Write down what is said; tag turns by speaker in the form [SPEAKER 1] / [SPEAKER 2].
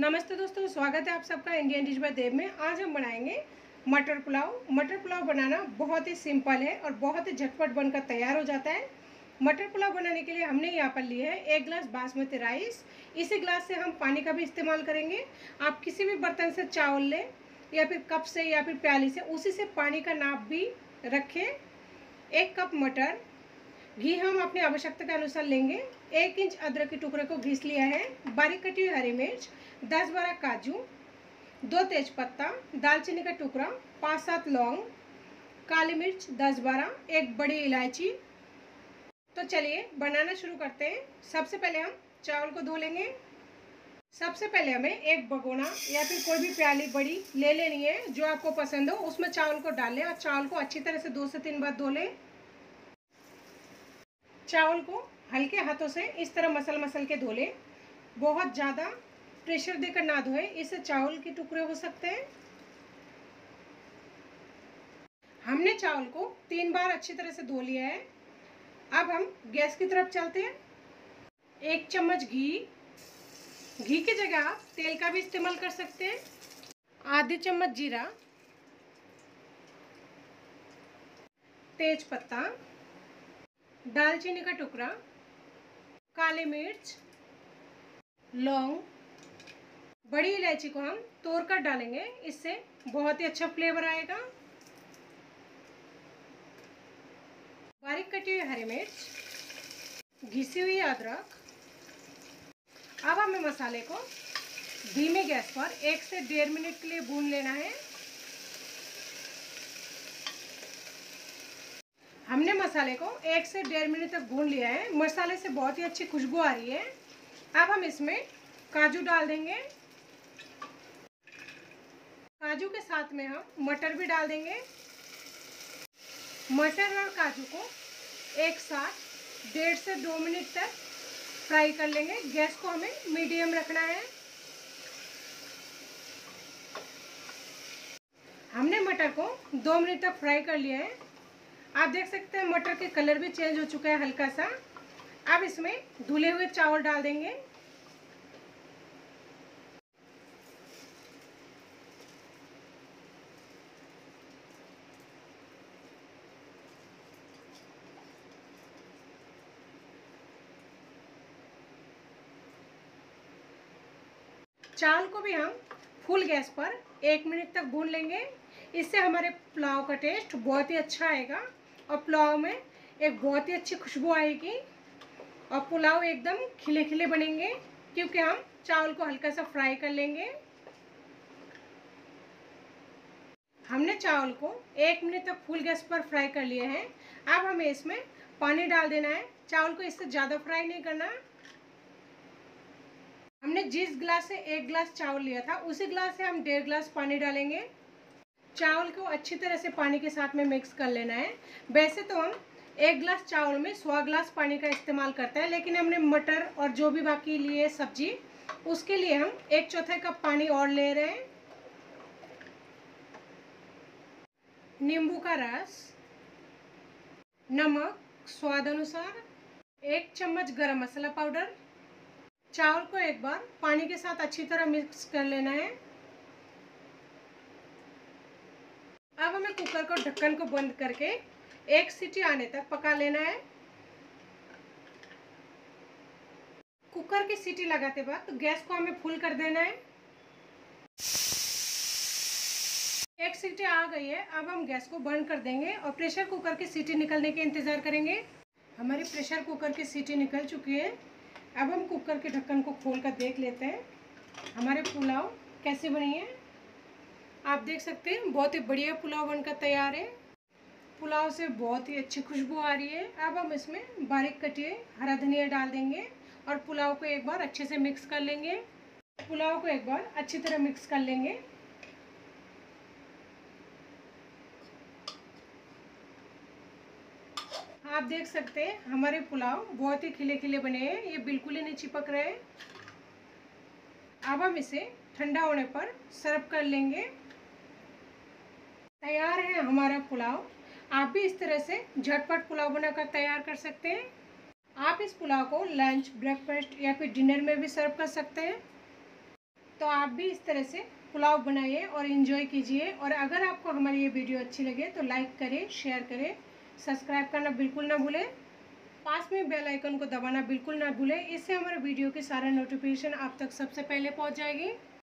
[SPEAKER 1] नमस्ते दोस्तों स्वागत है आप सबका इंडियन डिश बाय देव में आज हम बनाएंगे मटर पुलाव मटर पुलाव बनाना बहुत ही सिंपल है और बहुत ही झटपट बनकर तैयार हो जाता है मटर पुलाव बनाने के लिए हमने यहाँ पर लिए है एक गिलास बासमती राइस इसी गिलास से हम पानी का भी इस्तेमाल करेंगे आप किसी भी बर्तन से चावल लें या फिर कप से या फिर प्याली से उसी से पानी का नाप भी रखें एक कप मटर घी हम अपनी आवश्यकता के अनुसार लेंगे एक इंच अदरक के टुकड़े को घिस लिया है बारीक कटी हुई हरी मिर्च दस बारह काजू दो तेज पत्ता दालचीनी का टुकड़ा पाँच सात लौंग काली मिर्च दस बारह एक बड़ी इलायची तो चलिए बनाना शुरू करते हैं सबसे पहले हम चावल को धो लेंगे सबसे पहले हमें एक भगोना या फिर कोई भी प्याली बड़ी ले लेनी है जो आपको पसंद हो उसमें चावल को डालें और चावल को अच्छी तरह से दो से तीन बार धो लें चावल को हल्के हाथों से इस तरह मसल मसल के धो लें बहुत ज़्यादा प्रेशर देकर ना धोएं इससे चावल के टुकड़े हो सकते हैं हमने चावल को तीन बार अच्छी तरह से धो लिया है अब हम गैस की तरफ चलते हैं एक चम्मच घी घी की जगह आप तेल का भी इस्तेमाल कर सकते हैं आधी चम्मच जीरा तेज पत्ता दालचीनी का टुकड़ा काली मिर्च लौंग बड़ी इलायची को हम तोड़ कर डालेंगे इससे बहुत ही अच्छा फ्लेवर आएगा बारीक कटी हुई हरी मिर्च घिसी हुई अदरक अब हमें मसाले को धीमे गैस पर एक से डेढ़ मिनट के लिए भून लेना है हमने मसाले को एक से डेढ़ मिनट तक भून लिया है मसाले से बहुत ही अच्छी खुशबू आ रही है अब हम इसमें काजू डाल देंगे काजू के साथ में हम मटर भी डाल देंगे मटर और काजू को एक साथ डेढ़ से दो मिनट तक फ्राई कर लेंगे गैस को हमें मीडियम रखना है हमने मटर को दो मिनट तक फ्राई कर लिया है आप देख सकते हैं मटर के कलर भी चेंज हो चुका है हल्का सा अब इसमें धुले हुए चावल डाल देंगे चावल को भी हम फुल गैस पर एक मिनट तक भून लेंगे इससे हमारे पुलाव का टेस्ट बहुत ही अच्छा आएगा और पुलाव में एक बहुत ही अच्छी खुशबू आएगी और पुलाव एकदम खिले खिले बनेंगे क्योंकि हम चावल को हल्का सा फ्राई कर लेंगे हमने चावल को एक मिनट तक फुल गैस पर फ्राई कर लिए हैं अब हमें इसमें पानी डाल देना है चावल को इससे ज़्यादा फ्राई नहीं करना हमने जिस गिलास से एक गिलास चावल लिया था उसी गिलास से हम डेढ़ गिलास पानी डालेंगे चावल को अच्छी तरह से पानी के साथ में मिक्स कर लेना है वैसे तो हम एक गिलास चावल में सौ गिलास पानी का इस्तेमाल करते हैं लेकिन हमने मटर और जो भी बाकी लिए सब्जी उसके लिए हम एक चौथे कप पानी और ले रहे हैं नींबू का रस नमक स्वाद अनुसार एक चम्मच गरम मसाला पाउडर चावल को एक बार पानी के साथ अच्छी तरह मिक्स कर लेना है कुकर को ढक्कन को बंद करके एक सीटी आने तक पका लेना है कुकर की सीटी लगाते बाद तो गैस को हमें फुल कर देना है एक सीटी आ गई है अब हम गैस को बंद कर देंगे और प्रेशर कुकर की सीटी निकलने के इंतज़ार करेंगे हमारी प्रेशर कुकर की सीटी निकल चुकी है अब हम कुकर के ढक्कन को खोल कर देख लेते हैं हमारे पुलाव कैसे बनी है आप देख सकते हैं बहुत ही बढ़िया पुलाव बनकर तैयार है पुलाव से बहुत ही अच्छी खुशबू आ रही है अब हम इसमें बारीक कटिए हरा धनिया डाल देंगे और पुलाव को एक बार अच्छे से मिक्स कर लेंगे पुलाव को एक बार अच्छी तरह मिक्स कर लेंगे आप देख सकते हैं हमारे पुलाव बहुत ही खिले खिले बने हैं ये बिल्कुल ही नहीं चिपक रहे अब हम इसे ठंडा होने पर सर्व कर लेंगे तैयार है हमारा पुलाव आप भी इस तरह से झटपट पुलाव बनाकर तैयार कर सकते हैं आप इस पुलाव को लंच ब्रेकफास्ट या फिर डिनर में भी सर्व कर सकते हैं तो आप भी इस तरह से पुलाव बनाइए और इन्जॉय कीजिए और अगर आपको हमारी ये वीडियो अच्छी लगे तो लाइक करें शेयर करें सब्सक्राइब करना बिल्कुल ना भूलें पास में बेल आइकन को दबाना बिल्कुल ना भूलें इससे हमारे वीडियो की सारे नोटिफिकेशन आप तक सबसे पहले पहुंच जाएगी